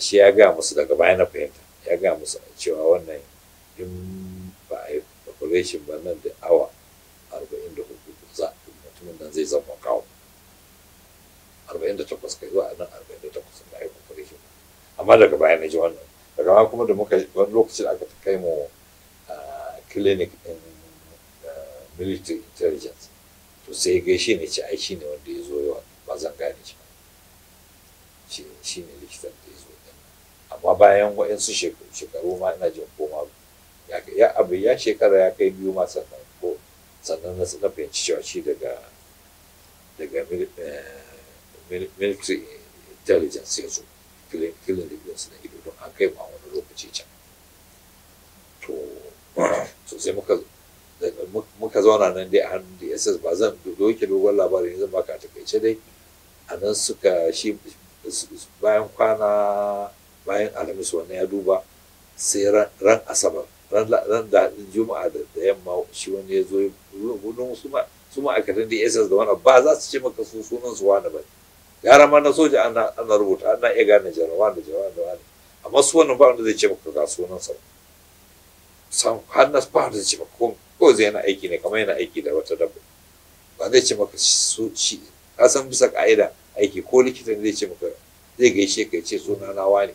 Shi ya gaya musu daga baya na fahimta ya gaya musu cewa wannan in ba a yi population ba nan da awa arba'in da hudu mutumin nan zai zama kawo arba'in da takwas kai zuwa nan arba'in da takwas na yi population amma daga baya na ji wannan daga baya kuma da muka wani lokacin aka kai mu clinic in military intelligence to sai gaishe ne ci aiki ne wani bayan waɗansu shekaru ma ina jin koma ya abu ya shekara ya kai biyu ma sannan ko sannan na suka fahimci cewa shi daga daga eh, military intelligence ya zo filin filin da suna ido don an kai ma wani lokaci can to sosai muka muka zauna nan dai a hannun ss ba zan doke dogon labarin zan baka takaice dai a nan suka shi bayan kwana bayan alhamis wannan ya duba sai ran asabar ran da juma'a da yamma shi wani ya zo gudun su ma dss da wani ba za su ce maka su sunan su wani ba gara ma na soja ana rubuta ana iya gane jarawa da jarawa da wani amma su wannan ba wanda zai ce maka ga sunan sa san har na ba wanda zai ce maka ko zai yana aiki ne kamar yana aiki da wata dabba ba zai ce maka su shi ka san bisa ka'ida aiki ko likita ne zai ce maka zai gaishe ka ce suna na wani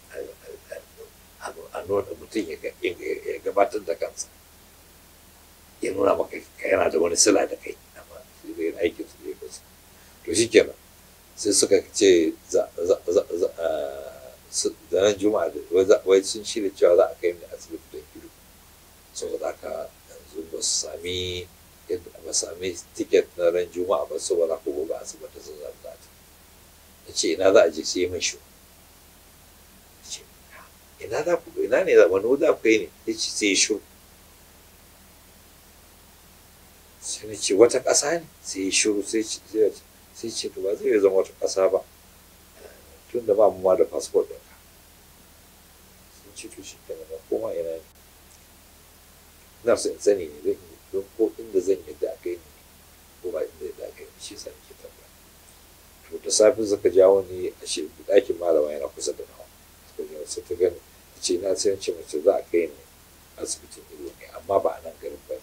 a mutum ya gabatar da kansa ya nuna maka yana da wani sila da kai amma shi zai aikin to sai suka ce da juma'a wai sun shirya cewa za a kai ni asibiti don saboda haka yanzu tiket na ran juma'a saboda asibiti sun zama ce ina za a je sai yi min shi ina za ku ina ne wani za ku yi ne ya ce sai shu sai na ce wata ƙasa ne sai shu sai ce to ba zai zama wata ƙasa ba tun da ba mu ma da fasfot ɗin ka sun ce to shi ke nan koma ina ne ina son sani ne zai yi don ko inda zan yi da aka yi ne ko ba inda da aka yi shi sa ke tabba to da safin suka jawo ne a shi ɗakin malama yana kusa da nawa suka jawo sai ta gani ce na san ce mace za a kai ni asibitin ido ne amma ba a nan garin ba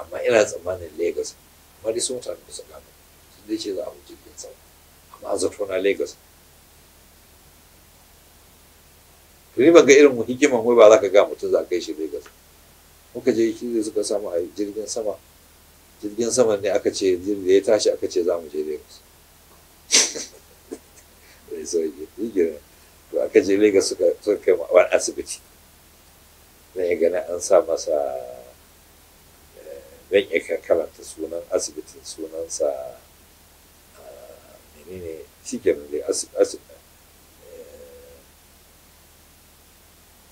amma ina tsammanin lagos amma dai sun mutane su kama sun dai ce za a wuce jirgin sama amma a zato na lagos tuni ni ban ga irin hikiman wai ba za ka ga mutum za a kai shi lagos muka je shi zai suka samu a jirgin sama jirgin sama ne aka ce da ya tashi aka ce za mu je lagos 所以一个人 to aka je suka suka kai wani asibiti na ya gani an sa masa eh, zan iya karanta sunan asibitin sunansa eh, menene shi ke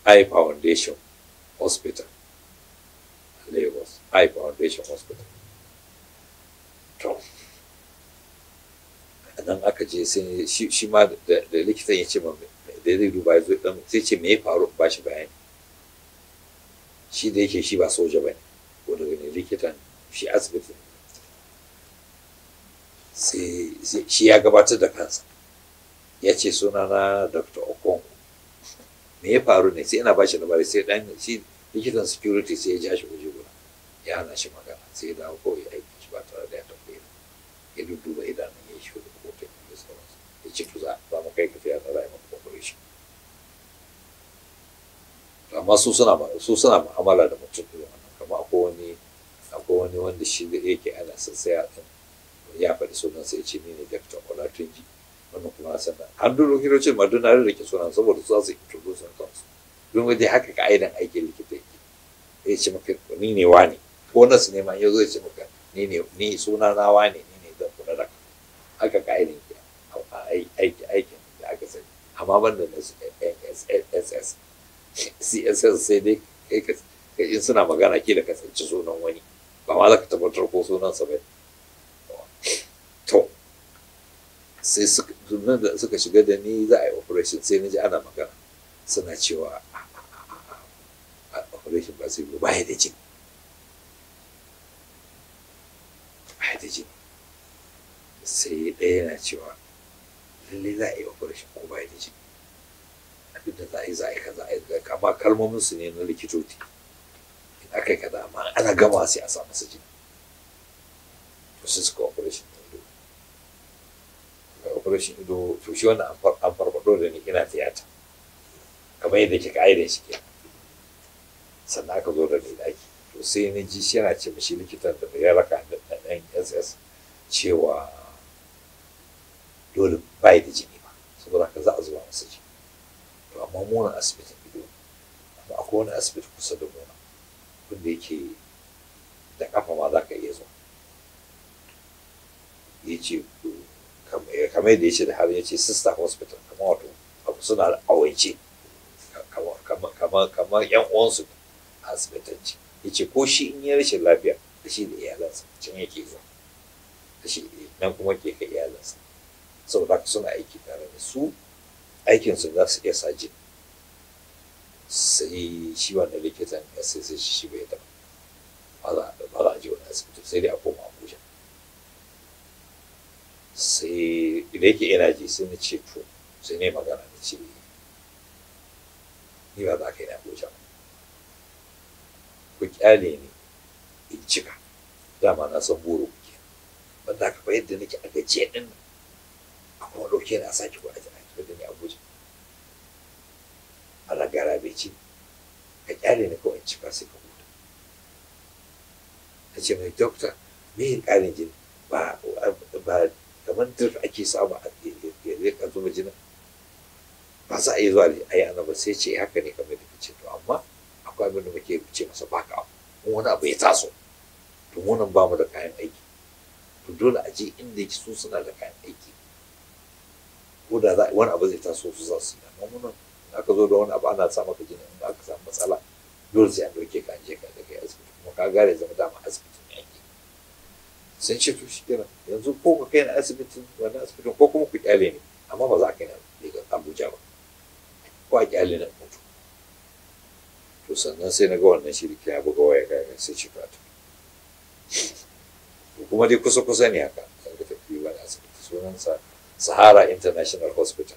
dai eh, foundation hospital lagos i foundation hospital nan aka je sai shi ma da likitan ya ce mamin da zai duba zai ɗan sai ce me ya faru ba shi bayani shi da yake shi ba soja ba ne ko daga ne likitan shi asibiti sai shi ya gabatar da kansa ya ce sunana dr okon me ya faru ne sai ina ba shi labari sai ɗan shi likitan security sai ya ja shi waje guda ya hana shi magana sai ya dawo kawai aiki shi ba tare da ya tambaye ya dudduba idanun ya shi wani kotun ya sauransu ya ce to za mu kai ka fiya na rayuwa amma su suna su suna mu'amala da mutum irin wannan kamar akwai wani akwai wani wanda shi da yake ana sassaya din ya faɗi sunansa ya ce ni ne Dr. Olatunji wannan kuma na sanar an duro ce ma duna da ke sunan saboda su za su introduce kansu don wajen haka ka aidan aikin likita yake ya ce maka ni ne wani ko nasu ne ma ya zo ya ce maka ni ne ni suna na wani ni ne zan kula da haka ka aidan ke aikin da aka sani amma ban da su SSS css sai dai kai ka in suna magana ke ka kasance sunan wani ba ma za ka tabbatar ko sunan sa ba to sai sunan da suka shiga da ni za a yi operation sai na ji ana magana suna cewa operation ba sai ba ya da jini ba ya da jini sai ɗaya yana cewa lallai za a yi operation ko ba ya da jini da za a yi za a yi kaza amma kalmomin su ne na likitoci in aka yi kaza amma ana gama sai a sa su jini to sai suka operation ido operation ido to shi wanda an farfado da ni ina tiyata kamar yadda kika aidan shi ke sannan aka zo da ni daki to sai na ji shi yana ce shi likitan da ya raka da ɗan ss cewa dole bai da jini ba saboda haka za a zuba masa jini amma asibitin ido amma akwai wani asibiti kusa da muna wanda yake da kafa ma za ka iya zuwa ya ce kamar yadda ya ce da har ya ce sista, hospital kamar wato abu suna da awance kamar yan uwansu da asibitanci ya ce ko shi in yi rashin lafiya da shi da iyalansa can yake zuwa da shi nan kuma ke kai iyalansa saboda suna aiki tare da su aikinsu za su iya sajin sai shi wannan likitan ya sai sai shi bai da ba za a je wani asibiti sai dai a koma abuja sai da yake ina ji sai na ce to sai ne magana na ce ni ba za ka yi na abuja ba ku kyale ne in cika dama na san buru kuke ban da ka fa yadda nake a gajiya din nan a kuma ɗauke na sake ku a jira ki da ni a Allah gara bai ci ka kyale ni kawai ci sai ka huta A ce mai dokta me yin ƙarin jini ba ba kamar drip ake samu a rika zuba jinin ba za a yi zuwa a yi ba sai ce haka ne kamar da ce to amma akwai abin da muke ce masa baka abu in wani abu ya taso to wannan ba mu da kayan aiki to dole a je inda yake su suna da kayan aiki ko da za wani abu zai taso su za su yi amma aka zo da wani abu ana sa maka jini in aka samu matsala dole sai an ɗauke ka an je ka kai asibiti kuma ka gare zama dama asibiti ne ake sun ce to kenan yanzu ko ka kai na asibitin wannan asibitin ko kuma ku kyale ne amma ba za ka yi daga Abuja ba ko a kyale na mutu to sannan sai na ga wannan shirki ya buga waya ga sai ci fata kuma dai kusa kusa ne haka an tafi wani asibiti sunansa Sahara International Hospital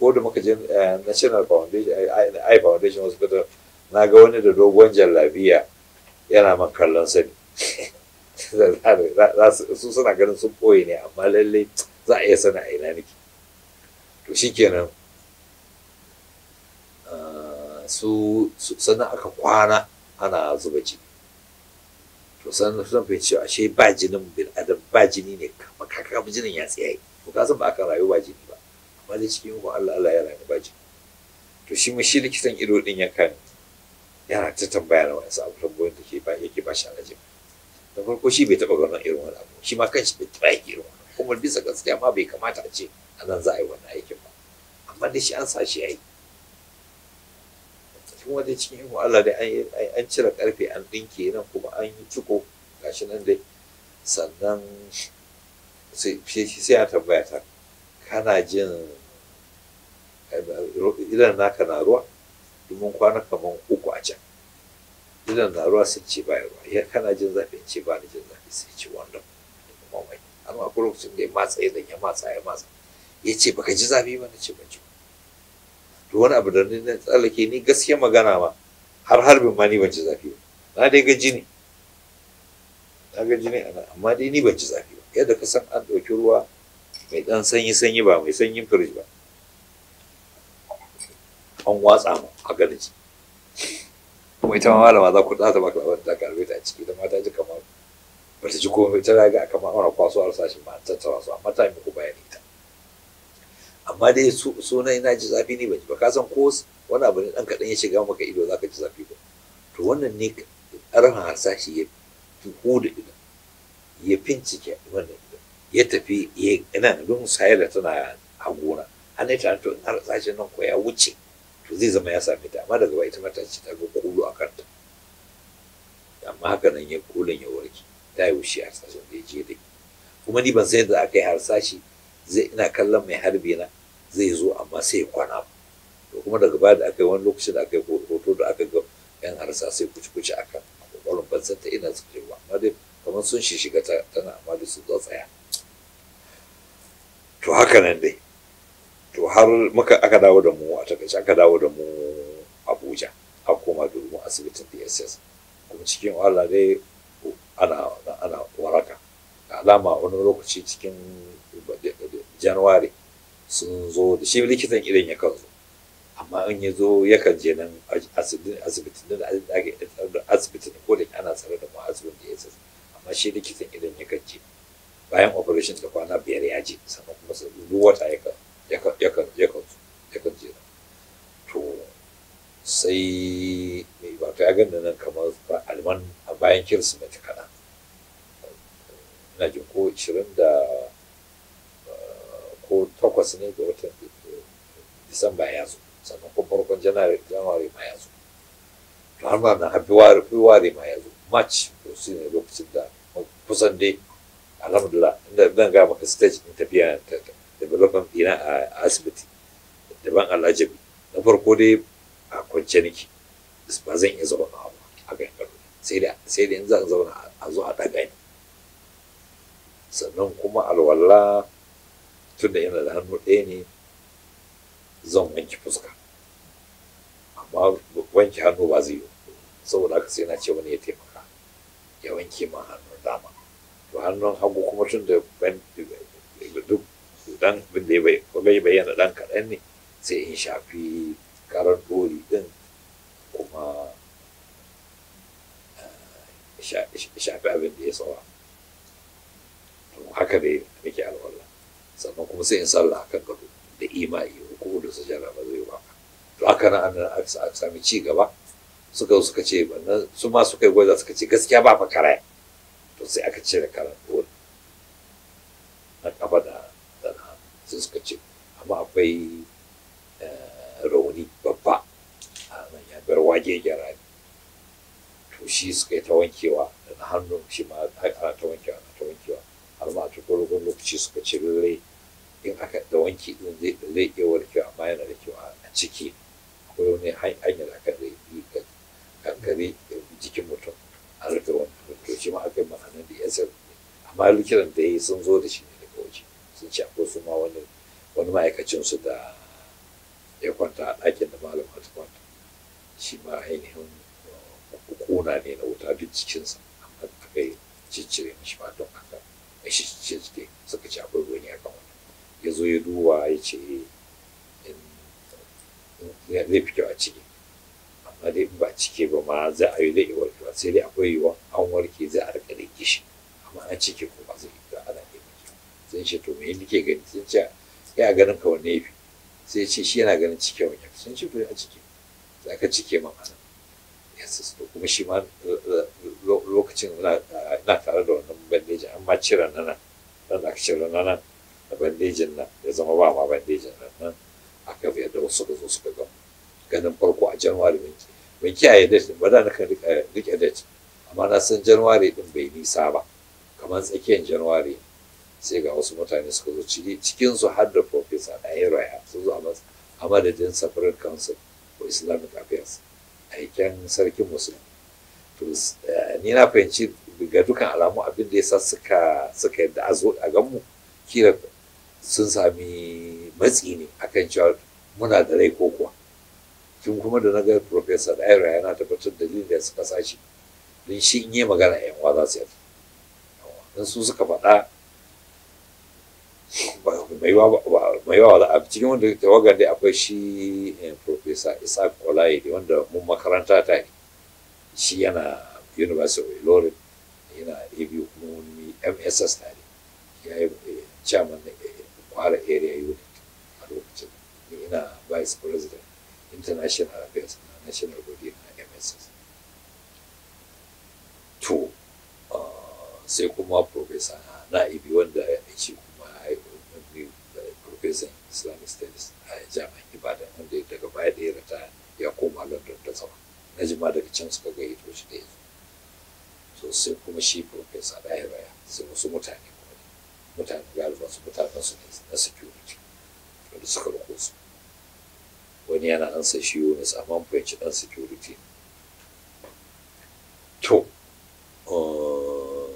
ko da muka je eh, national foundation eh, i foundation wasu hospital na ga wani da dogon jallabiya yana man kallon sani su suna ganin sun koyi ne amma lallai za a iya sana a ina nake to shikenan eh, su sana aka kwana ana zuba jini to sannan sun fi cewa ashe ba jinin bin adam ba jini ne kama kaka jinin ya tsaye Ko ka san ba aka rayu ba jini amma dai cikin Allah Allah ya rani baji to shi mu shi likitan ido din ya kan yana ta tambaya na wani abu tambayoyin da ke ba yake ba shi alaji da farko shi bai taba ganin irin wani abu shi ma kanshi bai taba yake irin wani kuma bisa gaskiya ma bai kamata a ce a nan za a yi wannan aikin ba amma dai shi an sa shi yayi kuma dai cikin ikon Allah dai an cire karfe an dinke nan kuma an yi ciko gashi nan dai sannan sai ya tambaya ta kana jin idan naka na ruwa domin kwana kaman uku a can idan na ruwa sun ce baya ruwa ya kana jin zafi ce ba ni jin zafi sai ce wannan da kuma mai amma akwai lokacin da ya matsa idan ya matsa ya matsa ya ce baka ji zafi ba na ce ban ji to wani abu da na tsallake ni gaskiya magana ma har harbin ma ni ban ji zafi ba na dai ga jini na ga jini ana amma dai ni ban ji zafi ba yadda ka san an ɗauki ruwa mai ɗan sanyi sanyi ba mai sanyin firij ba an watsa mu a gani shi kuma ita ma malama za ku za ta baka labarin ta karbe ta a ciki ita ma ta ji kamar ba ta ji komai ta raga kamar ana kwaso a rasashin ma tattara su amma ta yi muku bayani ta amma dai sunan ina ji zafi ne ji ba ka san ko wani abu ne ɗan kaɗan ya shiga maka ido za ka ji zafi ba to wannan ne ƙarfin harsashi ya fi da ido ya fincike wannan ido ya tafi ya ina da don sayar da tana a gona hannun ta to in harsashin nan ko ya wuce to zai zama ya sami ta amma daga ba ita mata ce ta ga kulu a kanta amma haka nan ya kulun ya warke ta yi wuce harsashin da ya je da kuma ni ban san yadda aka yi harsashi zai ina kallon mai harbi na zai zo amma sai ya kwana to kuma daga baya da aka yi wani lokacin da aka yi hoto da aka ga yan harsa sai kuci-kuci a kan kokarin ban san ta ina suka amma dai kamar sun shi shiga tana amma dai sun zo tsaya to haka nan dai to har muka aka dawo da mu a takaice aka dawo da mu abuja a koma mu asibitin dss kuma cikin wahala dai ana ana waraka alama wani lokaci cikin januwari sun zo da shi likitan idan ya kan zo amma in ya zo yakan je nan asibitin da asibitin ko da ana tsare da mu asibitin DSS. amma shi likitan idan ya kan je bayan operation da kwana biyar ya je sannan kuma duk wata ya kan yakan yakan yakan to sai mai ba ta nan kamar alman a bayan kirsimeti kaɗan ina ko da ko takwas ne ga watan disamba ya zo na ma march su da kusan dai alhamdulillah inda zan ga maka stage in tafiya development dina a asibiti daban alajabi na farko dai a kwance nake ba zan iya zauna ba a kan sai sai da in zan zauna a zo a daga ni sannan kuma alwala tun da yana da hannu ɗaya ne zan wanke fuska amma wanke hannu ba zai yi saboda haka sai na ce wani ya taimaka ya wanke ma hannun dama to hannun hagu kuma tun da duk to dan abin da ya bayyana dan kaɗan ne sai in shafi karar dori din kuma shafi abin da ya tsawa to haka dai nake alwala sannan kuma sai in sallah kan gado da imai ko da sajada ba zai ba to haka nan an sami ci gaba suka suka ce su ma suka yi gwaza suka ce gaskiya ba fa karaya to sai aka cire karar dori na kafa da sai suka ce amma akwai eh, rauni babba a nan ya bar wage gyara ne to shi suka yi ta wankewa da hannun shi ma ana ta wankewa ana ta wankewa har ma ta dogon lokaci suka ce lallai in aka da wanki din zai iya warkewa amma yana da kyau a ciki akwai wani hanyar da aka zai yi kankare jikin mutum a rufe wani to shi ma aka yi ma'anar da ya amma likitan da ya yi sun zo da shi sun ce akwai su ma wani wani ma'aikacin su da ya kwanta a ɗakin da malama ta kwanta shi ma ainihin kuna uh, ne na wuta duk cikinsa amma aka yi ciccire mishi ma don haka a shi ciccire suka ce akwai wani a kan wani ya zo ya duba ya ce zai fi kyau a ciki amma dai ba cike ba ma za a yi zai iya warkewa sai dai akwai yiwuwa an warke zai a rika da gishi amma a ciki ko zai sai ce to me nake gani sun ce ya ganin ka wanne yafi sai ce shi yana ganin cike wani yafi sun ce to a cike za ka cike ma mana ya to kuma shi ma eh, eh, lokacin na tare da wannan bandeji an ma cire na nan dan aka cire na nan da bandejin nan ya zama ba ma bandejin nan nan aka fi yadda wasu da zo suka ga ganin farko a januwari mun mun kiyaye date ba da na kan rike date amma na san januwari din bai nisa ba kamar tsakiyar januwari sai ga wasu mutane suka zo ciki cikinsu har da profesa a yaraya sun zo a madadin safarar council for islamic affairs kyan sarkin musulmi to ni na fahimci ga dukan alamu abin da ya suka suka yadda a zo a ganmu kira sun sami matsi ne akan cewa muna da rai ko kuwa tun kuma da na ga professor daira yana tabbatar da dalilin da suka sashi don shi in yi magana yan wa za su yadda su suka faɗa mai yawa za a cikin wanda tawagar dai akwai shi eh, professor kolaye da wanda mun makaranta ta shi yana university of ilorin yana abu kuma wani mss na ne ya yi eh, chairman na eh, kwara area unit a lokacin yana vice president international affairs na national body na mss to ah, sai kuma professor na ibi wanda ya kuma farfesan islamic studies a jami'an ibadan wanda ya daga baya da ya rata ya koma london ta zama na jima daga can suka ga ito shi da ya so sai kuma shi Profesa da ya raya sai wasu mutane kuma mutane ga su mutanen su na security wanda suka rako su wani yana an sai shi wani tsaman fahimci security to eh,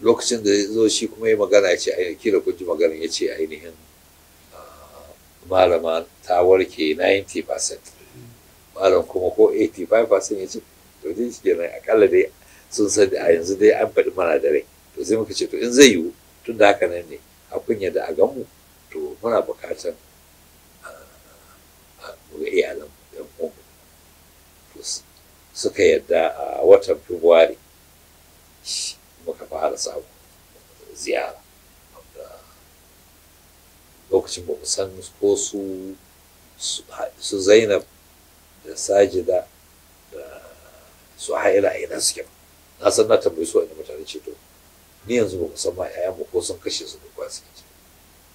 lokacin da ya zo shi kuma ya magana ya ce kila kun ji magana ya ce ainihin Malaman ta warke 90% malam kuma ko 85% ya ce to dai shi kenan akalla dai sun san a yanzu dai an faɗi mana da rai to sai muka ce to in zai yiwu tun da haka nan ne a kunya da a ganmu to muna buƙatar a ah, ah, ga iyalan yan kuma to suka yadda a watan Fabrairu muka fara samu ziyara lokacin ba mu san ko su su zainab da sajida da su haila ina suke na san na tambayi su wani mutane ce to ni yanzu ba san ma yayan mu ko sun kashe su ko suke ce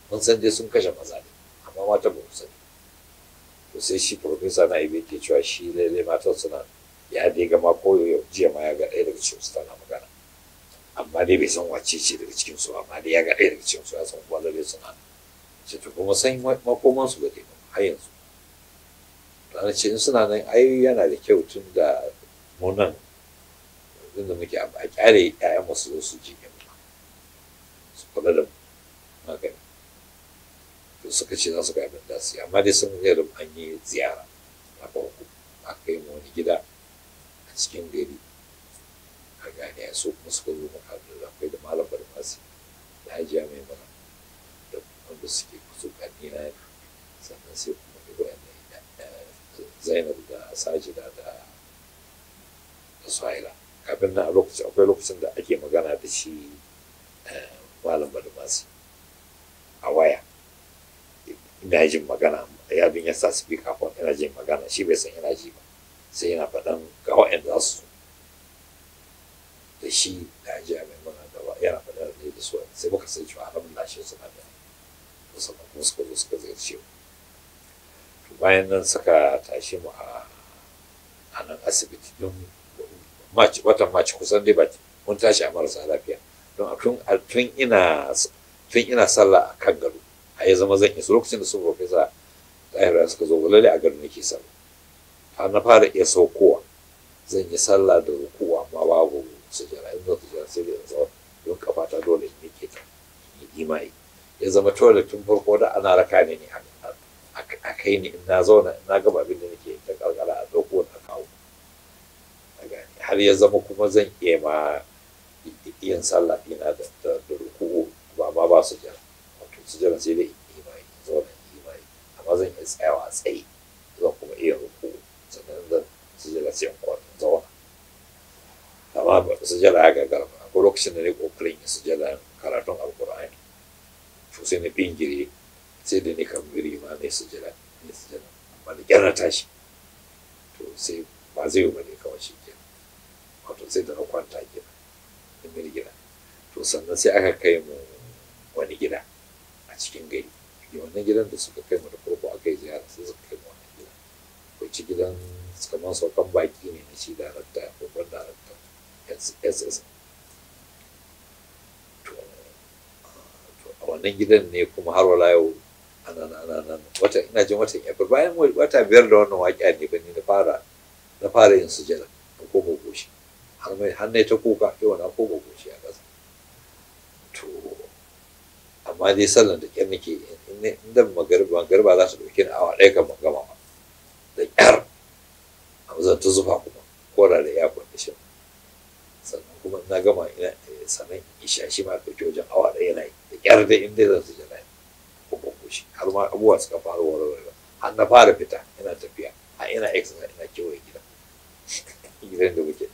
mun san dai sun kashe maza ne amma mata ba mu sani to sai shi professor na ibe ke cewa shi lele matan suna ya dai gama ko jiya ma ya ga ɗaya daga cikin su tana magana amma dai bai san wace ce daga cikin su amma dai ya ga ɗaya daga cikin su ya san kuma lalle suna ce to kuma san makomansu ba ke har yanzu ranar ce in suna nan ai yana da kyau tun da munan inda muke a kyare ƴaƴan masu zo su jinya su kula da mu magani to suka ce za su ga abin da su amma dai sun yi da an yi ziyara a farko aka yi wani gida a cikin gari a gane su kuma suka zo mu da akwai da malam barmasi da hajiya mai mana da suke kusa kanina ne sannan sai kuma da wayannan zainab da sajida da da suhaila kafin na lokacin akwai lokacin da ake magana da shi malam badumasi a waya ina jin magana ya bin ya sa speaker phone ina jin magana shi bai san ina ji ba sai yana faɗan ga waɗanda za su da shi da jami'in mana da yana faɗan da su sai muka san cewa abin lashe suna da musamman suka zo suka ziyarce mu bayan nan saka tashi mu a nan asibiti don watan maci kusan dai ba mun tashi a marasa lafiya don tun ina tun ina sallah a kan gado a ya zama zan su. lokacin da su profesa da suka zo lalle a garin nake sallah A na fara iya saukowa zan yi sallah da rukuwa amma babu sujjara in Zan sujjara sai da yanzu zo don kafata dole ne ke ta yi imai ya zama dole tun farko da ana raka ne ne a kai ni na zauna na gaba abin da nake ta kalkala a dauko na kawo har ya zama kuma zan iya ma yin sallah ina da ruku'u ba ba ba su jira wato su jira sai dai imai zauna imai amma zan iya tsayawa a tsaye zan kuma iya ruku'u sannan zan su jira sai in kwana zauna amma ba su jira ya gagara ba ko lokacin da ne ƙoƙarin su jira karatun alkur'ani sosai na bingire sai da ne kan gari ma ne su jira ne su jira amma da kyar na tashi to sai ba zai ba ne kawai shi kenan wato sai da na kwanta gida da mil gida to sannan sai aka kai mu wani gida a cikin gari da wannan gidan da suka kai mu da farko aka yi ziyara sai suka kai mu wannan gida ko ci gidan kamar saukan baki ne na shi darakta babban darakta sss a wannan gidan ne kuma har wala yau wata ina jin watan april bayan wata biyar da wannan waƙiya ne ba ni na fara na fara yin sujada na koma goshi har mai hannu ta kuka yau na koma goshi a ƙasa to amma dai sallan da ƙyar nake in da magarba magarba za ta ɗauki na awa ɗaya kan ban gama da ƙyar zan ta zufa kuma kora da ya kwanda shi sannan kuma na gama ina eh, sanan isha shi ma ɗauki wajen awa ɗaya yana yi da ƙyar da in dai zan su jana'i kuma ko shi har ma abubuwa suka fara warware har na fara fita ina tafiya a ina na, ina kewaye gida gidan da muke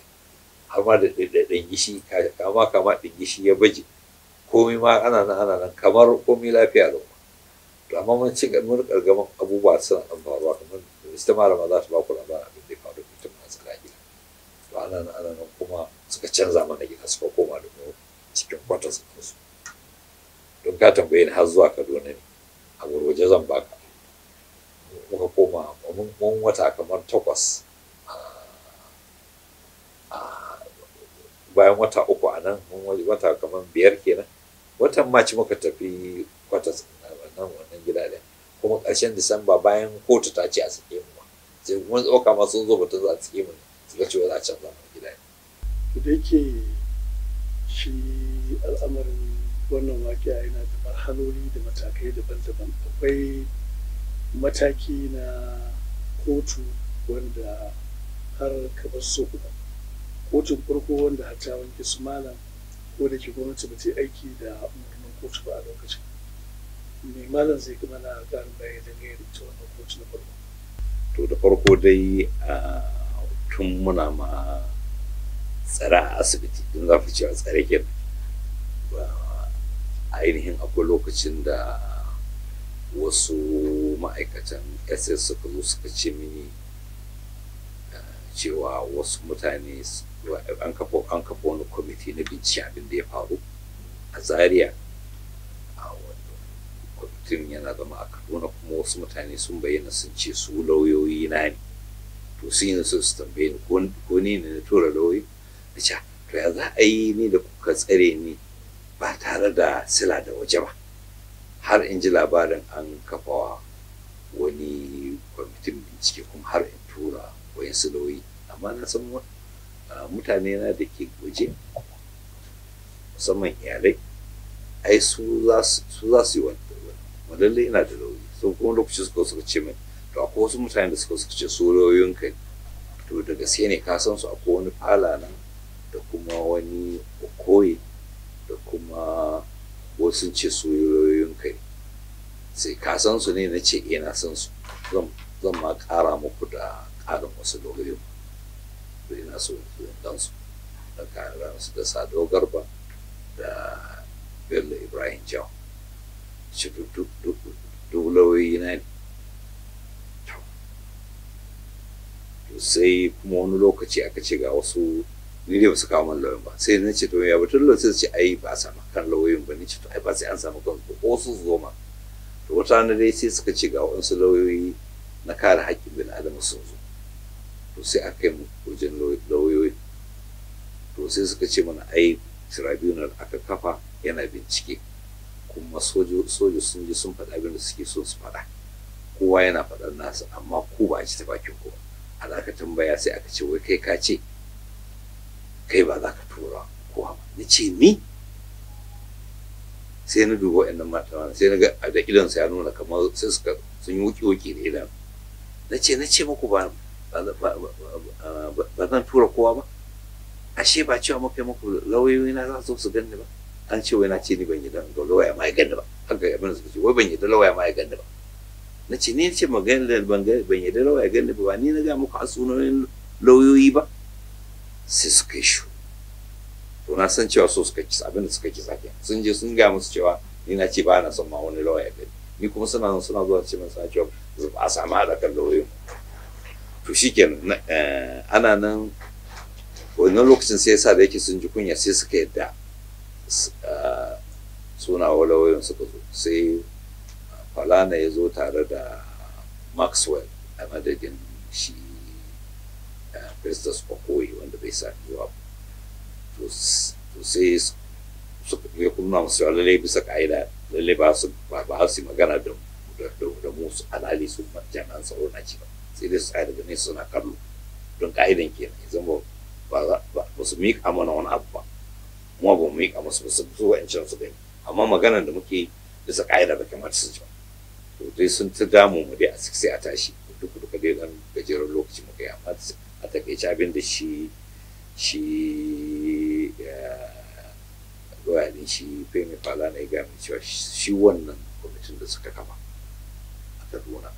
har ma da ɗan gishi kama kama ɗan gishi ya baje komai ma ana nan ana nan kamar komai lafiya lau to amma mun ci mun kargaman abubuwa suna ɗan faruwa kamar ita malama za su ba ku labarin abin da ya faru da ita masu lafiya to ana nan ana nan kuma suka canza mana gida suka koma da mu cikin kwatas su don ka tambaye ni har zuwa kaduna ne a gurguje zan baka muka koma mun wata kamar takwas bayan wata uku a nan mun wata kamar biyar kenan watan maci muka tafi kwatas nan wannan gida ne kuma ƙarshen disamba bayan kotu ta ce a sake mu sai mun tsoka ma sun zo batun za a sake mu suka ce wa za a canza mana gida ne da yake shi al'amarin wannan waƙe yana da marhaloli da matakai daban-daban akwai mataki na kotu wanda har kamar so uku kotun farko wanda hata wanke su malam ko da ke gwamnati ba ta aiki da umarnin kotu ba a lokacin mai malam zai kuma na ƙarin bayani dangane da ita wannan kotu na farko to da farko dai ah, tun muna ma tsara a asibiti in za ku cewa tsare ke ainihin akwai lokacin da wasu ma'aikatan ss suka zo suka ce mini eh, cewa wasu mutane an kafa wani kwamiti na bincike abin da ya faru a zaria kwamitin yana zama a kaduna kuma wasu mutane sun bayyana sun ce su lauyoyi na ne to sun yi su tambaye ko ni ne na tura lauyoyi Nace, to ya za a yi ni da kuka tsare ni ba tare da sila da waje ba. Har in ji labarin an kafa wani kwamitin bincike kuma har in tura wayansu lauyi. Amma na san mutane na da ke waje musamman iyalai ai su za su yi wadanda ina da lauyi sun kuma lokaci suka suka ce min to akwai wasu mutane da suka suka ce su lauyoyinka to da gaske ne ka san su akwai wani fala nan da kuma wani okoye da kuma wasu ce soyoyoyin kai sai ka san su ne na ce ina eh, san su zan ma kara muku da karin wasu lokaci da ina so in dan su da su da Sadau, garba da bello ibrahim jau shi duk lauyoyi na ne sai kuma wani lokaci aka ce ga wasu ni dai ba su kawo man lauyin ba sai na ce to ya batun lauyin sai ce ai ba a samu kan lauyoyin ba ni ce to ai ba sai an samu kan ko su zo ma to wata rana dai sai suka ce ga wasu lauyoyi na kare haƙƙin bin adam sun zo to sai aka yi wajen lauyoyi. to sai suka ce mana ai tribunal aka kafa yana bincike kuma soja sun ji sun faɗa abin da suke so su faɗa kowa yana faɗar nasa amma ko ba a ci ta bakin kowa ana aka tambaya sai aka ce wai kai ka ce kai ba za ka tura ko ba na ce ni sai na dubo wa'annan mata sai na ga da idan sa ya nuna kamar sai suka sun yi wuki wuki da idan na ce na ce muku ba ba zan tura kowa ba ashe ba cewa muka muku lauyoyi na za su su ganni ba an ce wai na ce ni ban yi da lawaya ma ya ganni ba haka ya bin su ce wai ban yi da lawaya ma ya ganni ba na ce ni ce magana ban yi da lawaya ganni ba ba ni na ga muku a sunonin lauyoyi ba sai suka yi shu to na san cewa so suka ci abin da suka ci zafi sun je sun gaya musu cewa ni na ce ba na son ma wani lawa ya ni kuma suna suna zuwa ce min suna cewa a samu haɗakar lauyoyin to shikenan eh, ana nan wannan lokacin sai yasa da yake sun ji kunya sai suka yadda eh, suna wa lauyoyin suka zo sai falana ya zo tare da maxwell a madadin shi presidents spokoi wanda bai sa ido abu to sai ya kuma musu cewa lallai bisa ka'ida lallai ba su magana da mu su alali su jami'an tsaro na ci ba sai dai su tsaya daga suna kallo don ka'idan kenan yanzu ba su miƙa mana wani abu ba mu ba mu miƙa musu ba su zo wa'ancan amma maganar da muke bisa ka'ida ba kamata su ji ba to sun ta damu mu dai a sai a tashi duk duka dai dan gajeren lokaci muka yi a takaice abin da shi shi ya shi femi fala na ga mai cewa shi wannan kwamitin da suka kama. a kaduna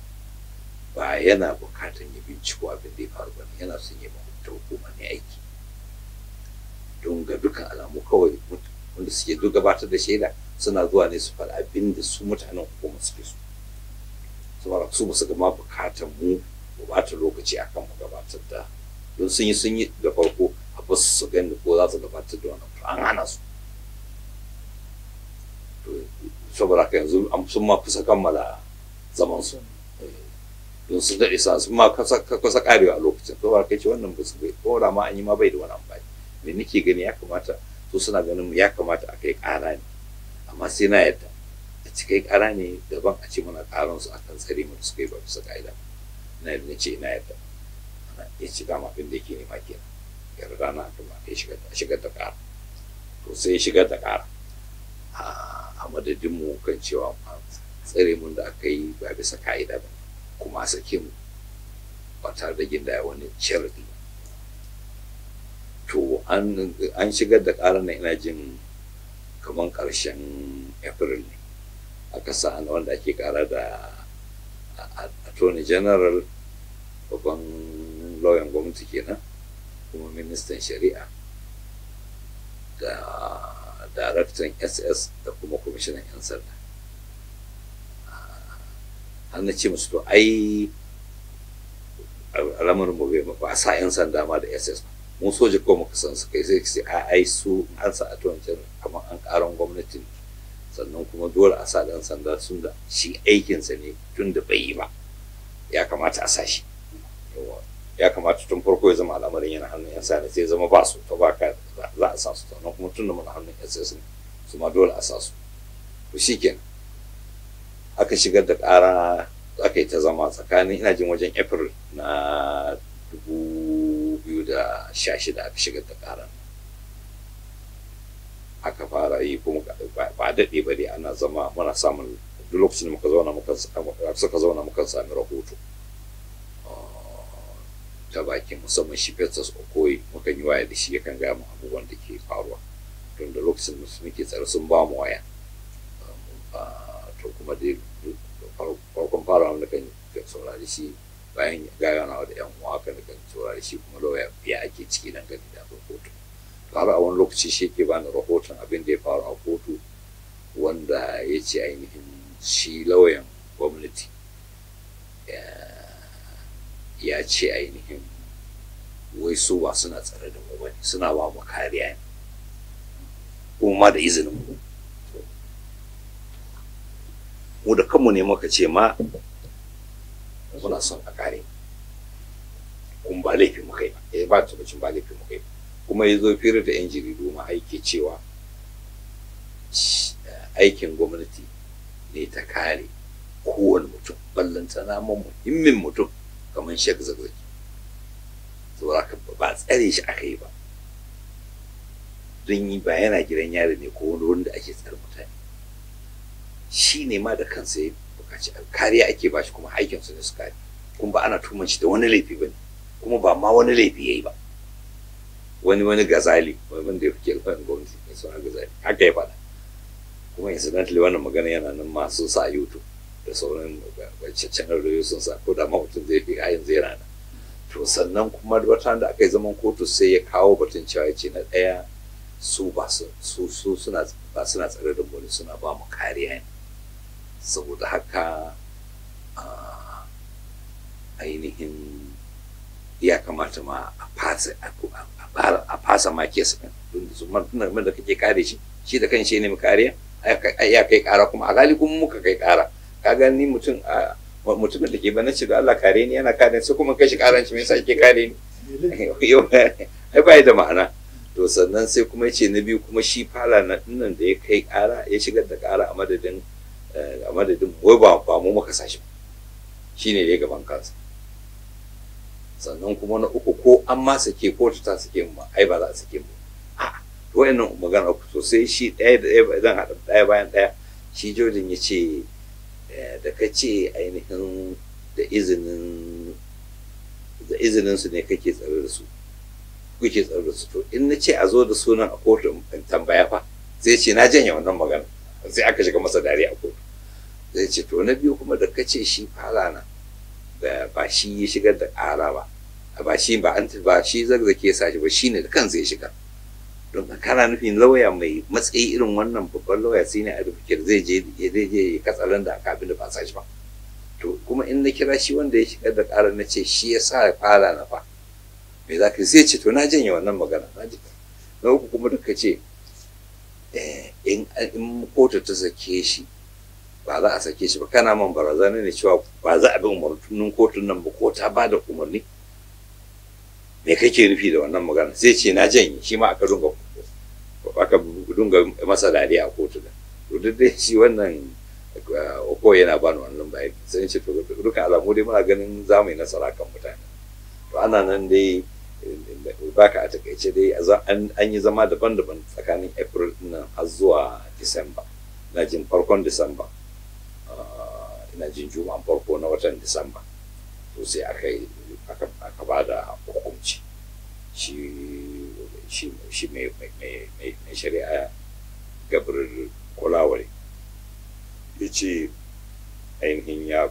ba yana bukatan yi binciko abin da ya faru ba yana son yi mahukunta hukuma ne aiki don ga dukkan alamu kawai wanda suke duk gabatar da shaida suna zuwa ne su faɗi abin da su mutanen hukuma suke so su ba su gama bukatan mu bata lokaci akan mu gabatar da don sun yi sun yi da farko a basu su gani ko za su gabatar da wannan an hana su saboda haka yanzu sun ma kusa kammala zaman su eh, don sun daɗe sa sun ma kusa karewa a lokacin saboda kai ce wannan ba su bai da ma an yi ma bai da wani amfani me nake gani ya kamata su suna ganin ya kamata a kai ƙara ne amma sai na yadda a cikai ƙara ne daban a ce mana ƙaransu akan tsare mu da suka yi ba bisa ƙa'ida ba na yarda ce ina yarda ya ce dama abin da yake kenan yarda na kuma ya shigar ƙara sai ya shigar da ƙara a madadin kan cewa tsare mun da aka yi ba bisa ka'ida ba kuma wata da gindaya wani sharadi to an shigar da ƙara na ina jin kamar ƙarshen april ne aka na wanda ake ƙara da attorney general babban lauyan gwamnati kenan kuma ministan shari'a da daraktan ss da kuma kwamishinan 'yan sanda an ah, na ce musu to ai alamar mu bai ba a sa 'yan sanda ma da ss mu soja ko muka san su kai sai a ai su an sa attorney general kamar an karan gwamnatin sannan kuma dole a sa dan sanda sun da shi aikinsa ne tun da bai yi ba ya kamata a sashi ya kamata tun farko ya zama al'amarin yana hannun yan sani sai zama ba su ta ba ka za a sa su ta, kuma tun da mana hannun yan sani su ma dole a sa su to shikenan aka shigar da ƙara aka yi ta zama tsakanin ina jin wajen april na dubu biyu da sha shida aka shigar da ƙara aka fara yi kuma ba daɗe ba dai ana zama muna samun duk lokacin da muka zauna muka suka zauna muka sami rahoto ta bakin musamman shi Festus Okoye muka yi waya da shi ya kan gaya mu abubuwan da ke faruwa don da lokacin da muke tsare sun ba mu waya to kuma dai farkon fara da kan saurari shi bayan gaya na da yan uwa kan kan saurari shi kuma lawyer ya ake ciki nan gani da rahoto har a wani lokaci shi ke bani rahoton abin da ya faru a kotu wanda ya ce ainihin shi lauyan gwamnati ya ce ainihin wai su ba suna tsare da mu bane suna ba mu kariya ne kuma ma da izinin mu mu da kanmu ne muka ce ma muna son a kare kun ba laifi mu kai ba eh, ba ta bacin ba laifi mu kai ba kuma ya zo fira da yan jiridu ma aike cewa aikin gwamnati ne ta kare kowane mutum ballantana ma muhimmin mutum kamar shek zagoji saboda ba tsare shi aka yi ba don yi ba yana gidan yari ne ko wani wanda ake tsare mutane shi ne ma da kansa ya bukaci kariya ake ba shi kuma aikinsu ne su kare kuma ba ana tuman shi da wani laifi ba ne kuma ba ma wani laifi ya yi ba wani wani gazali wani wanda ya fi kelfan gwamnati ne suna gazali haka ya faɗa kuma incidentally wannan magana yana nan masu sa youtube da sauran channel da sun sa ko da ma zai fi ayin zai rana to sannan kuma wata da aka yi zaman kotu sai ya kawo batun cewa ya ce na ɗaya su ba su su suna tsare da mu suna ba mu kariya ne saboda haka ainihin ya kamata ma a fasa a fasa ma kesa din da kake kare shi shi da kan shi ne mu kariya ya kai ƙara kuma alhali kuma muka kai ƙara ka gani mutum a mutumin da ke bana ce da Allah kare ni yana kare ni sai kuma kashi shi karan shi me yasa yake kare ni ai bai da ma'ana to sannan sai kuma yace na biyu kuma shi fara na dinnan da ya kai ƙara ya shigar da ƙara a madadin eh, a madadin wai ba ba mu muka sashi shine da gaban kansa sannan kuma na uku ko an ma sake ko ta sake mu ai ba za a sake mu wayannan magana uku sosai sai shi ɗaya da ɗaya zan haɗa ɗaya bayan ɗaya shi jojin ya ce eh, da ka ce ainihin da izinin da izinin su ne kake tsare da su kuke tsare da su to in na ce a zo da sunan a kotu in tambaya fa zai ce na janye wannan magana sai aka shiga masa dariya a kotu zai ce to na biyu kuma da ka ce shi fara na da ba shi ya shigar da ƙara ba ba shi ba an ba shi zarzake ya sashi ba ne da kansa ya shigar don kana nufin lauya mai matsayi irin wannan babban lauya sai ne a rubuce zai je zai je ya katsalan da abin da ba sa shi ba to kuma in na kira shi wanda ya shigar da ƙarar na ce shi ya sa ya fara na fa me za ka zai ce to na janye wannan magana na ji na uku kuma da ka ce eh, in kotu ta sake shi ba za a sake shi ba kana man barazana ne cewa ba za a bi umarnin kotun nan ba ko ta ba da umarni me kake nufi da wannan magana Sai ce na janye shi ma aka dunga aka dunga masa dariya a kotu da duk dai shi wannan oko uh, yana bani wannan bai sai ce duka alamu dai muna ganin zamu nasara kan mutane to ana nan dai baka a takaice dai an yi zama daban-daban tsakanin april nan har zuwa december na jin farkon december uh, ina jin juma'an farko na watan disamba to sai aka aka ba da hukunci shi mai shari'a gabril kulawari ya ce ainihin ya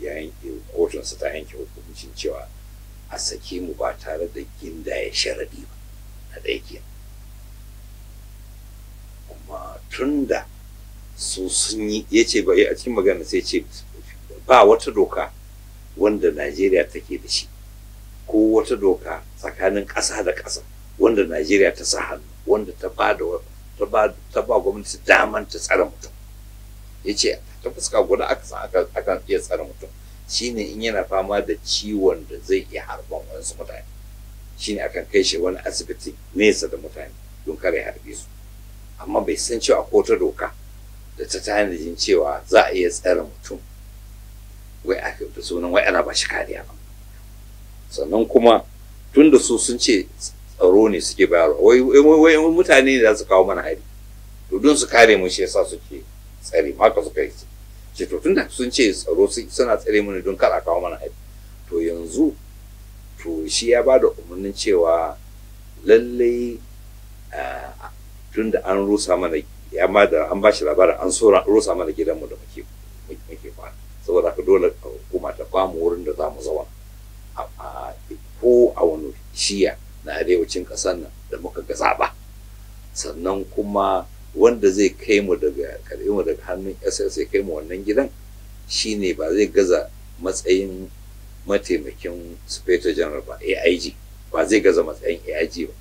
yanke kotunsa ta yanke hukuncin cewa a sake mu ba tare da gindaya sharadi ba na ɗaya kenan kuma tun da su sun yi ya ce ba a cikin magana sai ce ba wata doka wanda najeriya take da shi ko wata doka tsakanin ƙasa da ƙasa wanda najeriya ta sa hannu wanda ta ba da ta ba gwamnati daman ta tsare mutum ya ce ta fuska guda aka san akan iya tsare mutum shine in yana fama da ciwon da zai iya harban wasu mutane shine akan kai shi wani asibiti nesa da mutane don kare harbe su amma bai san cewa ko ta doka da ta tanadin cewa za a iya tsare mutum wai aka da sunan wai ana ba shi kariya ba sannan kuma tun da su sun ce tsaro ne suke bayarwa wai mutane ne za su kawo mana hari to don su kare mu shi yasa suke tsare mu haka suka yi ce to tun da sun ce tsaro suna tsare mu ne don kar a kawo mana hari to yanzu to shi ya ba da umarnin cewa lallai tun da an rusa mana ya ma da an ba shi labarin an rusa mana gidanmu da muke ku. saboda haka dole hukuma ta ba wurin da za mu zama. a ko a wani shiya na arewacin ƙasar nan da muka ga zaɓa sannan kuma wanda zai kai mu daga karɓi mu daga hannun ss ya kai mu wannan gidan shine ba zai gaza matsayin mataimakin Sufeto General ba AIG ba zai gaza matsayin AIG ba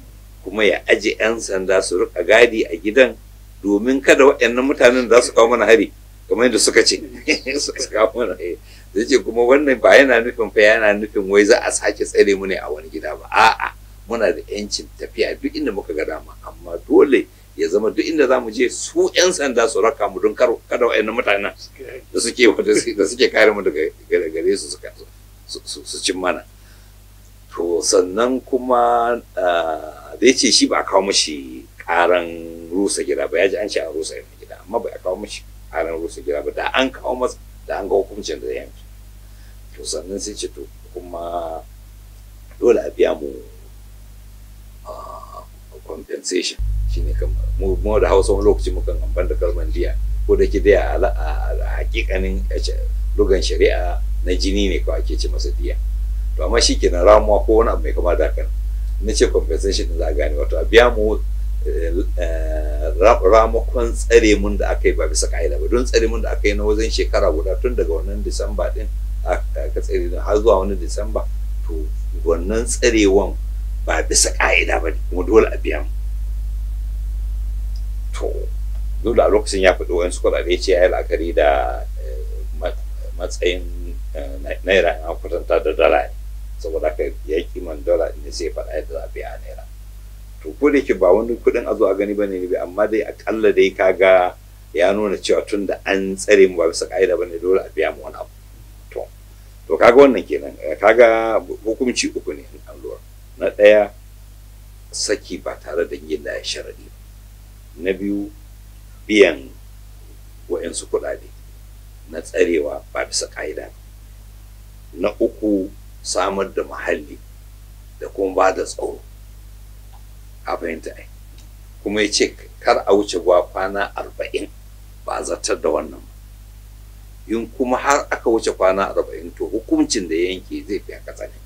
kuma ya aje 'yan sanda su rika gadi a gidan domin kada waɗannan mutanen da su kawo mana hari kamar yadda suka ce suka eh. zai ce kuma wannan ba yana nufin fa yana nufin wai za a sake tsare mu ne a wani gida ba a'a muna da yancin tafiya duk inda muka ga dama amma dole ya zama duk inda zamu je su yan sanda su raka mu don karo kada wayannan mutanen da suke da suke kare mu daga gare su suka su cin mana to sannan kuma da ce shi ba a kawo mashi karan rusa gida ba ya ji an ce an rusa gida amma ba a kawo mashi karin rusa gida ba da an kawo masa da an ga hukuncin da yanki to sannan sai ce to kuma dole a biya mu compensation shine kamar mu da hausa wani lokaci mukan amban da kalmar diya ko da ke dai a hakikanin lugan shari'a na jini ne ko ake ce masa diya to amma shi kenan ramuwa ko wani abu mai kama da haka na ce compensation za a gane wato a biya mu Eh, eh, ramakon tsare mun da aka yi ba bisa ka'ida ba don tsare mun da aka yi na wajen shekara guda tun daga wannan disamba din aka tsare har zuwa wani disamba to wannan tsarewan ba bisa ka'ida ba kuma dole a biya mu to dole a lokacin ya faɗi da kuɗaɗe ce ya yi la'akari da eh, matsayin naira an kwatanta da dala ne saboda haka ya kiman dala ne sai faɗa yadda za a biya naira to ko da yake ba wani kuɗin a zo a gani bane ne amma dai akalla dai kaga ya nuna cewa tun da an tsare mu ba bisa ka'ida bane dole a biya mu wani abu to to kaga wannan kenan eh, kaga hukunci uku ne an lura na ɗaya saki ba tare da yin da sharadi na biyu biyan wa'insu kuɗaɗe na tsarewa ba bisa ka'ida na uku samar da muhalli da kuma ba da tsaro fahimta ai kuma ya ce kar a wuce gwa kwana arba'in ba a zartar da wannan in kuma har aka wuce kwana arba'in to hukuncin da yanke zai fi haka tsanani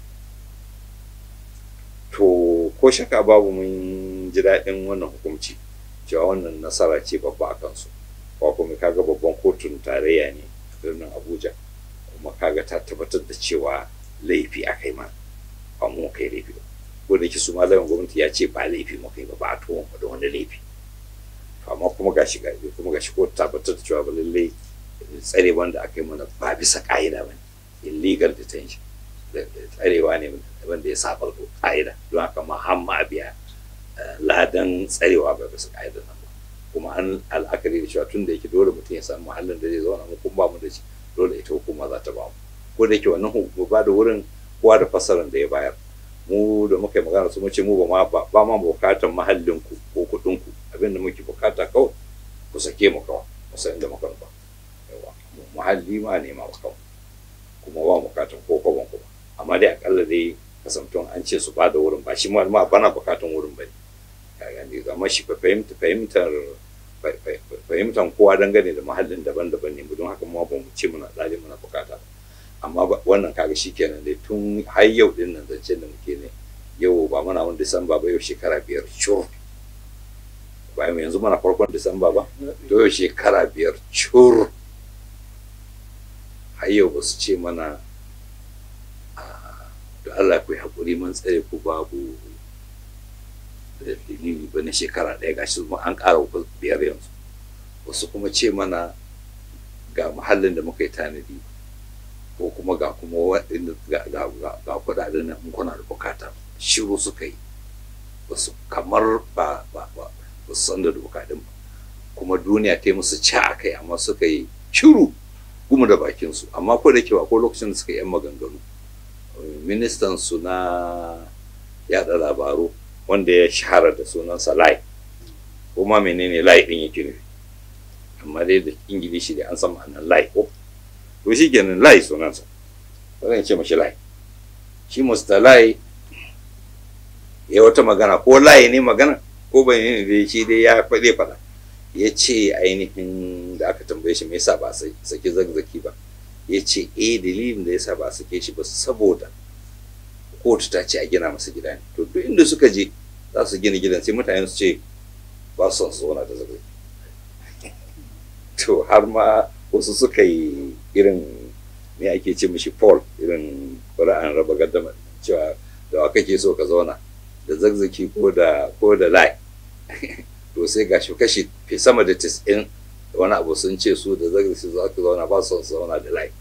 to ko shaka babu mun ji daɗin wannan hukunci cewa wannan nasara ce babba a kansu ba kuma kaga babban kotun tarayya ne a birnin abuja kuma kaga ta tabbatar da cewa laifi a kai ma ba kai laifi ba ko da su malamin gwamnati ya ce ba laifi mu kai ba ba a tuwon da wani laifi To amma kuma gashi gashi kuma gashi ko tabbatar da cewa ba lallai tsare wanda aka yi mana ba bisa ka'ida ba illegal detention tsarewa ne wanda ya saba ko ka'ida don haka ma har ma biya eh, ladan tsarewa ba bisa ka'ida nan ba kuma an al'akari da cewa tun da yake dole mutum ya samu muhallin da zai zauna mu kuma ba mu da shi dole ita hukuma za ta ba mu ko da yake wannan hukuma ba da wurin kowa da fasaran da ya bayar mu da muka yi magana su ce mu ba ma ba ma bukatan mahallin ku ko kudin ku abinda muke bukata kawai ku sake mu kawai mu san da muka ba muhalli ma ne ma kawai kuma ba bukatan ko kawai ku amma dai akalla dai kasantun an ce su da wurin ba shi ma ma bana bukatan wurin ba ya kaga ne amma shi ba fahimta fahimtar fahimtar kowa dangane da mahallin daban-daban ne mu don haka ma ba mu ce muna dalilin muna bukata ba amma wannan kaga shikenan dai tun har yau din nan zancen da muke ne yau ba muna wani disamba ba yau shekara biyar cur ba yanzu muna farkon disamba ba to yau shekara biyar cur har yau ba su ce mana da ah, Allah ku haƙuri man tsare ku babu da dalili ba na shekara ɗaya gashi zuwa an ƙara biyar yanzu wasu kuma ce mana ga muhallin da muka yi tanadi ko kuma ga kuma waɗanda ga ga ga na nan kuna da bukata shiru suka yi basu kamar ba ba ba ba san da bukatun ba kuma duniya ta yi musu ci aka yi amma suka yi shiru kuma da bakin su amma ko da ke ba ko lokacin da suka yi yan maganganu ministan su na yada labaru wanda ya shahara da sunansa lai kuma menene lai din yake nufi amma dai da ingilishi da an san ma'anar lai ko to shi kenan lai sunansa ba zan ce shi lai shi musta ya wata magana ko lai ne magana ko bai ne da shi dai ya faɗe faɗa ya ce ainihin da aka tambaye shi me yasa ba saki zagzaki ba ya ce eh dalilin da yasa ba sake shi ba saboda kotu ta ce a gina masa gida ne to duk inda suka je za su gina gidan sai mutane su ce ba su son su zauna da zagzaki to har ma wasu suka yi irin me ake ce mishi paul irin ƙura'an raba gaddama cewa da wa kake so ka zauna da zagzaki ko da ko da lai to sai ga shi kashi fi sama da tis'in wani abu sun ce su da zagzaki za ka zauna ba su zauna da lai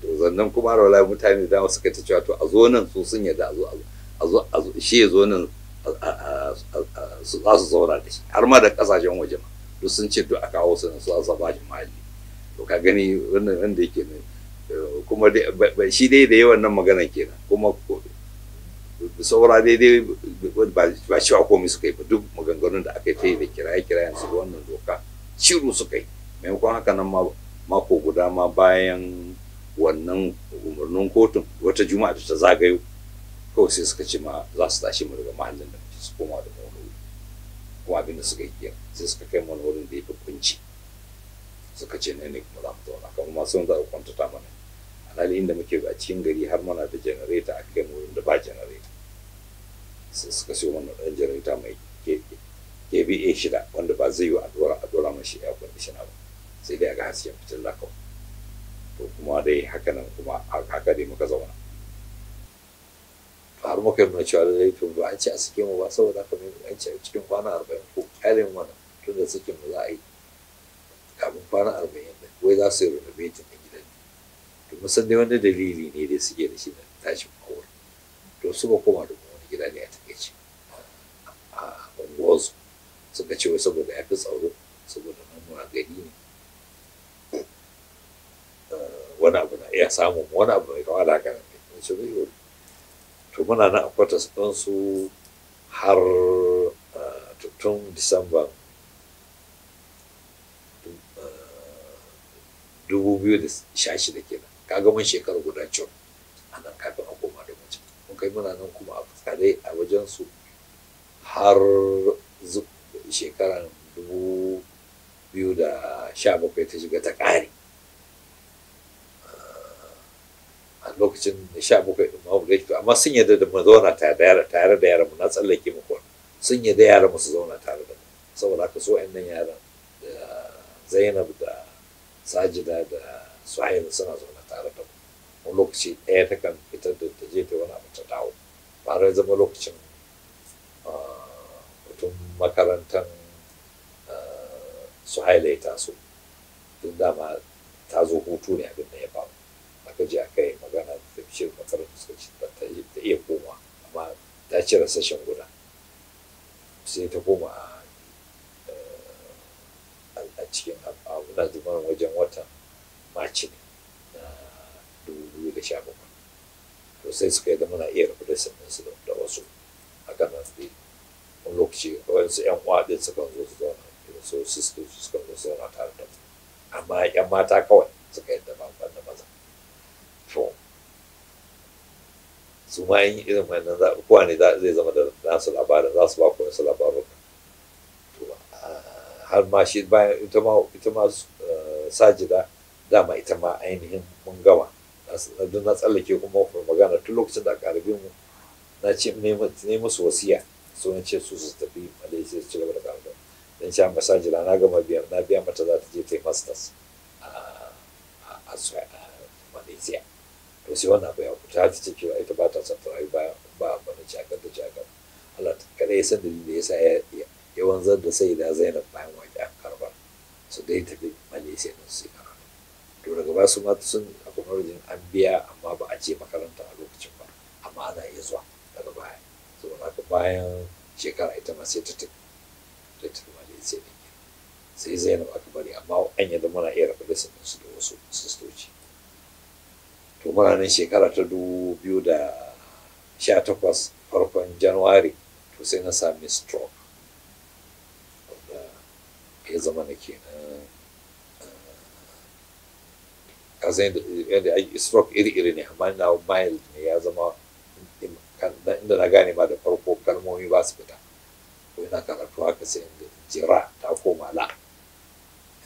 to zannan kuma har wallahi mutane da ka ta cewa to a zo nan su sun yadda a zo a zo a zo shi ya zo nan su za su zauna da shi har ma da kasashen waje ma duk sun ce to a kawo su nan su za su ba shi to ka gani wannan wanda yake ne eh, kuma shi dai da yawan nan magana kenan kuma saura dai ba cewa komai suka yi ba duk maganganun da aka yi da kiraye kiraye su ga wannan doka shiru suka yi maimakon haka nan ma mako guda ma bayan wannan umarnin kotun wata juma'a da ta zagayo kawai sai suka ce ma za su tashi mu daga mahallin da su koma da wani kuma abinda suka yi sai suka kai mana wurin da ya fi kunci suka ce ne kuma za mu zauna kamar masu yanzu a kwantata mana alhali inda muke a cikin gari har mana da janareta a kai wurin da ba janareta sai suka siyo mana ɗan janareta mai kba shida wanda ba zai yi a dora a dora mashi ya kwandishina ba sai dai a ga hasken fitin lakau to kuma dai haka nan kuma haka dai muka zauna har muka yi cewa da laifin ba a ce a suke mu ba saboda haka mai an ce cikin kwana arba'in ko ƙarin wannan tun da suke mu za a yi kafin kwana arba'in da wai za su yi renovating na gidan to mun san dai wani dalili ne da suke da shi na tashin aure to suka koma da wani gida ne a takaice a unguwarsu suka ce wai saboda ya fi tsaro saboda mun gani ne eh, wani abu na iya samun wani abu mai kama da haka ne wace bai yi to muna nan a kwatas har eh, tun disamban Dubu biyu da 2016 kenan kaga mun shekara guda cewa a nan kafin a koma da mace mun kai muna nan kuma a tsare a wajen su har shekaran dubu biyu da sha bakwai ta shiga ta ƙare a lokacin 17 din mahu da amma sun yadda da mu zauna tare da yaran mu na tsallake mu kwan sun yadda yaran mu su zauna tare da mu saboda haka so 'yan nan yaran da zainab da sajida da suhaila suna zaune tare da mu lokaci ɗaya ta kan fitar da ta je ta wani abu ta dawo ba zama lokacin mutum makarantar suhaila ya taso don dama ta zo hutu ne abin da ya faru aka je aka yi magana da tafiyar makarantar suka ci ta iya koma amma ta cire sashen guda sai ta koma a a cikin muna zuban wajen watan macin na 2017 to sai suka yi da muna iya rufe da su da wasu haka su dai wani lokaci wasu yan uwa din suka zo su zauna so su suka zo su zauna tare da mu amma yan mata kawai suka da babban da maza to su ma yin irin wannan zaɓuɓɓuwa ne zai zama da nasu labarin za su ba ku su labarin har bayan ita ma ita ma eh, sajida dama ita ma ainihin mun gama don na tsallake kuma magana tun lokacin da aka mu na ce ne musu wasiya so na ce su su tafi malaysia su ci da karatu dan sha sajida na gama biyar na biya mata za ta je ta yi masters a malaysia to sai wannan abu ya ta ta ce cewa ita ba ta san ta rayu ba ba ba na da cakar Allah kada ya san dalilin da ya sa ya ya wanzar da sai da zainab bayan waje an karbar su dai tafi malaysia din su karatu to daga ba su mata sun a kwamarijin an biya amma ba a je makaranta a lokacin ba amma ana iya zuwa daga baya ba haka bayan shekara ita ma sai ta tafi ta tafi malaysia din sai zainab aka bari amma an yadda muna iya rabu da su da wasu sistoci to muna nan shekara ta dubu biyu da sha takwas farkon januwari to sai na sami stroke ya zama na kenan a zai yadda yi stroke iri-iri ne amma na mild ne ya zama inda na gane ma da farko kalmomi ba su fita ko ina karatu haka sai inda jira ta koma la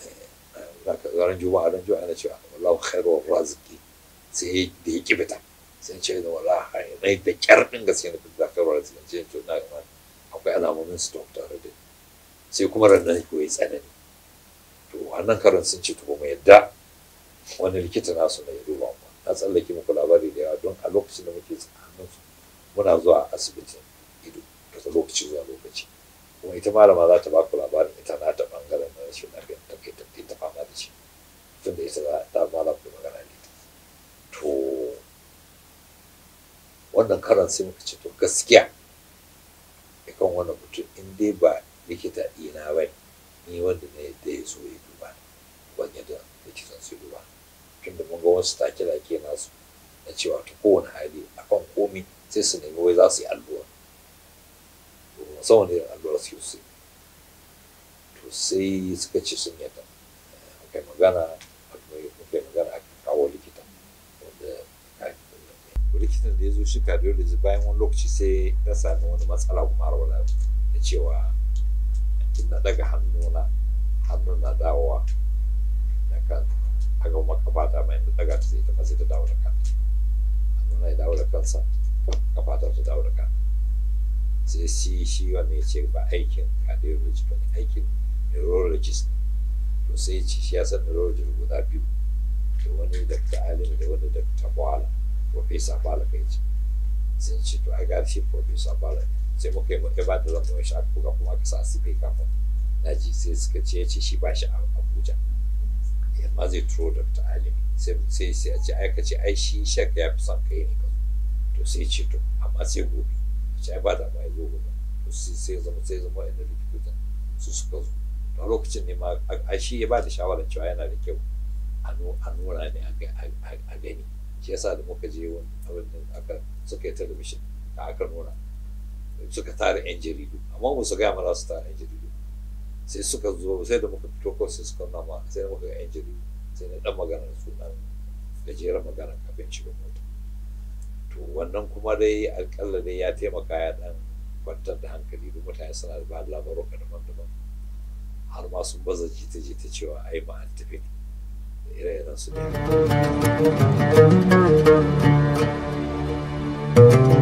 eh, ran juma'a don juma'a na cewa wallahu khairu raziki sai da ya kibita sai ce da wala hainai da kyar din gaske na da khairu raziki ce to na akwai alamomin stroke tare da sai kuma rannan ko ya tsanani to wannan karin sun ce to mu yadda wani likita nasu na ya duba mu na tsallake muku labari da yawa don a lokacin da muke tsakanin su muna zuwa asibitin ido daga lokaci zuwa lokaci kuma ita malama za ta baku labarin ita na ta bangaren na rashin na ta kai ta ta fama da shi tunda ita za ta malam da magana da to wannan karan sai muka ce to gaskiya kan wannan mutum in dai ba likita ina wai ni wanda na yadda ya zo ya duba ban yadda likitan su duba tun da mun ga wasu take ke nasu na cewa ta kowane hali akan komi sai su nemi wai za su yi allura musamman irin allura su su to sai suka ce sun yadda kai magana kai magana aka kawo likita wanda likitan da ya zo shi cardiologist bayan wani lokaci sai na sami wani matsala kuma har wala da cewa na daga hannuna hannun na dawowa na kanta haka kuma kafa ta mai da daga ta zai ta sai ta dawo da kanta hannuna ya dawo da kansa kafa ta ta dawo da kanta sai shi shi wanda ya ce ba aikin cardiologist ba ne aikin neurologist to sai ci shi ya san neurologist guda biyu da wani dakta alimi da wani dakta bala fesa bala kai ce sun ce to a ko fesa bala ne sai muka yi muka ba da zama shi aka ga kuma aka sa asibe kafin daji sai suka ce ya ce shi ba shi a abuja yamma zai turo dr alimi sai sai a ce ai ce ai shi shaka ya fi son kai ne to sai ce to amma sai gobe ce ai ba da ma zo gobe to sai zama sai zama da likita su suka zo a lokacin ne ma a shi ya ba da shawarar cewa yana da kyau a nuna ne a gani shi yasa da muka je wani abin da aka suka yi talabishin da aka nuna suka tara 'yan jaridu amma ba su gaya mana su tara 'yan jaridu sai suka zo sai da muka fito ko sai suka nama sai da muka ga 'yan jaridu sai na dan magana da su dan gajeren magana kafin shiga mota to wannan kuma dai alƙalla dai ya taimaka ya dan kwantar da hankali duk mutane suna da ba labaruka daban-daban har ma sun baza jita-jita cewa ai ma an tafi ire-iren su ne.